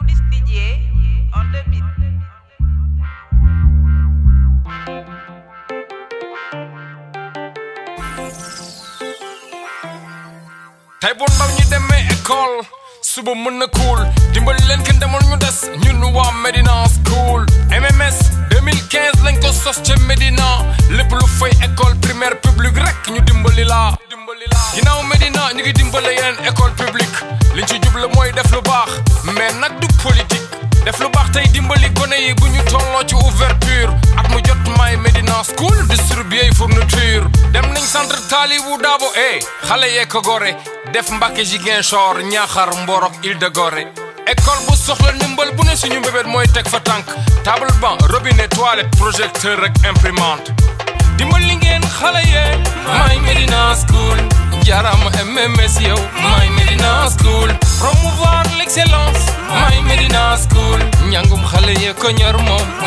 Eudis DJ on the ñi demee école suba mën na cool dimbali leen kenn demoon ñu des ñun uh, waa Medina School MMS 2015 lañ ko sos ca Medina lépp lu fay école primaire public rek ñu dimbali la. ginnaaw Medina ñu ngi dimbale yeneen école publique liñ ci jublu mooy def lu baax mais nag. def lu baax tey dimbali gone yi bu ci ouverture at mu jot may Medina school distribuer fourniture dem nañ centre Talibou Dabo eh xale yee ko gore def jigen Ziguinchor Ñaaxar Mborok Île de Gorée école bu soxla ndimbal bu ne suñu mbébét mooy teg fa tànk table banc robinet toilette projecteur et imprimante dimbali ngeen xale yee may Medina school jaram MMS yow may Medina school promouvoir l'excellence may xale ko ñor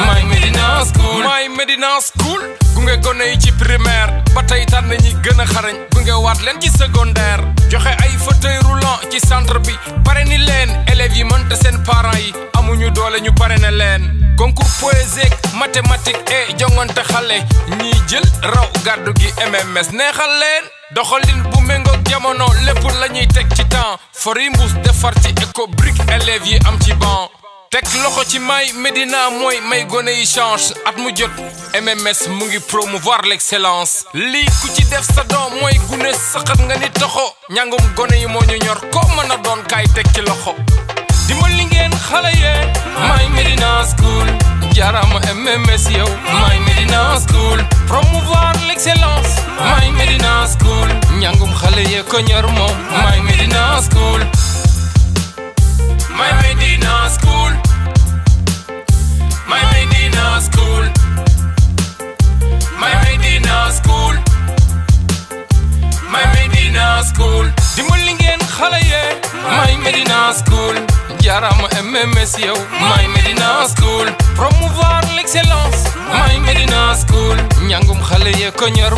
My Medina School My Medina School gunge gone yi ci primaire ba tey tànn ñi gën a xarañ gunge wat len ci secondaire joxe ay fauteuil roulant ci centre bi pare ni len élèves yi monte sen parents yi amuñu doole ñu pare na len concours poésie mathématique et jongante xalé ñi jël raw gaddu gi MMS neexal len doxalin bu mengo jamono lepp lañuy tek ci temps fori defar ci eco brick élèves yi am ci banc tek loxo ci may medina mooy may gone change at mu jot MMS mu ngi promouvoir l'excellence lii ku ci def sa doom mooy gune saxat nga ni toxo ñàngum gone yi moo ñu ñor ko mën a doon kaay teg ci loxo dimbali ngeen xale may medina school jaaraama MMS yow may medina school promouvoir l'excellence may medina school ñàngum xale yee ko ñor moom may medina school may Medina school Karama MMS yow maay Medina School promouvoir l'excellence My Medina School nyangum xale yee ko ñor